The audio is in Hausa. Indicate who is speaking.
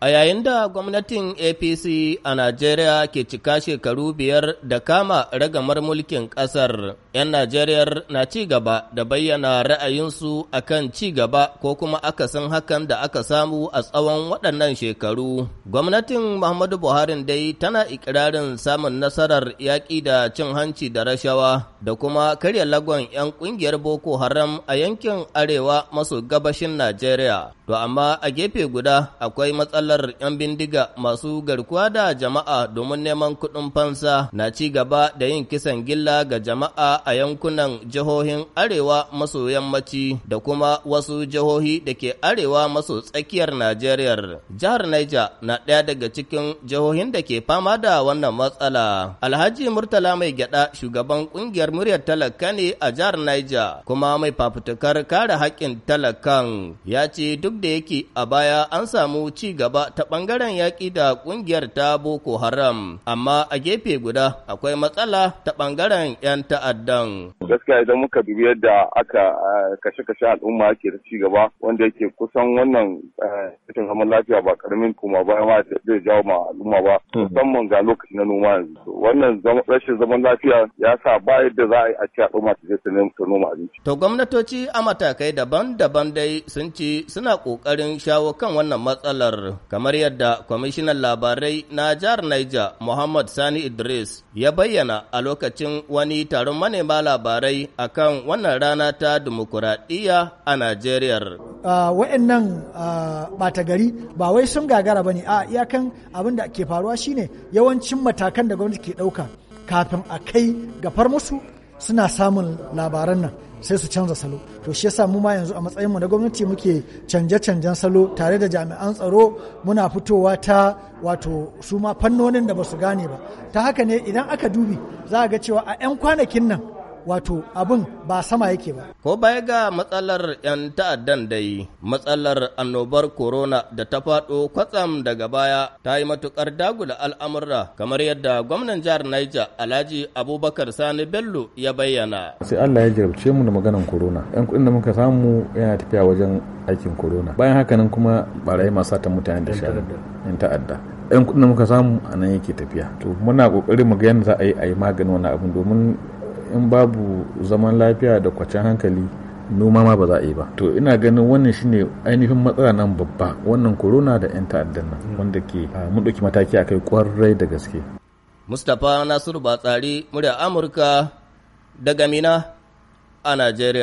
Speaker 1: A yayin da gwamnatin APC a Najeriya ke cika shekaru biyar da kama ragamar mulkin ƙasar, 'yan Najeriya na ci gaba da bayyana ra'ayinsu a kan ci gaba ko kuma akasin hakan da aka samu a tsawon waɗannan shekaru. Gwamnatin Muhammadu Buhari dai tana ikirarin samun nasarar yaƙi da cin hanci da rashawa da kuma karya lagon 'yan ƙungiyar Boko Haram a yankin arewa maso gabashin Najeriya. To amma a gefe guda akwai matsala matsalar 'yan bindiga masu garkuwa da jama'a domin neman kuɗin fansa na ci gaba da yin kisan gilla ga jama'a a yankunan jihohin arewa maso yammaci da kuma wasu jihohi da ke arewa maso tsakiyar Najeriya. Jihar Niger na ɗaya daga cikin jihohin da ke fama da wannan matsala. Alhaji Murtala mai gyada shugaban ƙungiyar muryar talaka ne a jihar Niger kuma mai fafutukar kare haƙƙin talakan ya ce duk da yake a baya an samu ci gaba Ba ta ɓangaren yaƙi da ƙungiyar ta Boko Haram, amma a gefe guda akwai matsala ta ɓangaren 'yan ta'addan.
Speaker 2: Gaskiya idan muka dubi yadda aka eh, kashe-kashe al'umma ake da gaba wanda yake kusan wannan cikin eh, zaman lafiya
Speaker 1: ba karamin kuma ba ma zai jawo ma al'umma ba hmm. musamman ga lokaci na noma yanzu. Wannan rashin zaman lafiya ya sa ba yadda za a ci al'umma su je su noma abinci. To gwamnatoci a matakai daban-daban dai sun ce suna ƙoƙarin shawo kan wannan matsalar kamar yadda kwamishinan labarai na jihar Niger Muhammad Sani Idris ya bayyana a lokacin wani taron manema labarai a kan wannan rana ta dimokuraɗiyya a Najeriya.
Speaker 3: Uh, Wa'annan ɓata gari ba wai sun gagara ba ne, a iyakan abin da ke faruwa shine yawancin matakan da gwamnati ke ɗauka kafin a kai gafar musu suna samun labaran nan. sai su canza salo to shi yasa mu ma yanzu a matsayin mu na gwamnati muke canje-canjen salo tare da jami'an tsaro muna fitowa ta wato suma fannonin da ba su gane ba ta haka ne idan aka dubi za a ga cewa a 'yan kwanakin nan wato abin ba sama yake ba. Ko baya
Speaker 1: ga matsalar 'yan ta'addan da dai, matsalar annobar corona da ta faɗo kwatsam daga baya ta yi matukar dagula al'amurra kamar yadda gwamnan jihar Niger Alhaji Abubakar Sani Bello ya bayyana.
Speaker 2: Sai Allah ya jarabce mu da maganan corona. 'Yan kuɗin da muka samu yana tafiya wajen aikin corona. Bayan haka nan kuma barayi masu satan mutane da shanu 'yan ta'adda. yan kudin muka samu a nan yake tafiya to muna kokarin mu ga yadda za a yi a yi maganin wani abin domin in babu zaman lafiya da kwacen hankali noma ma ba za a yi ba to ina ganin wannan shine ainihin matsala nan babba wannan corona da 'yan ta'addan nan hmm. wanda ke ah, mun ɗauki mataki a kai kwarai da gaske
Speaker 1: mustapha nasiru batsari murya amurka daga mina a najeriya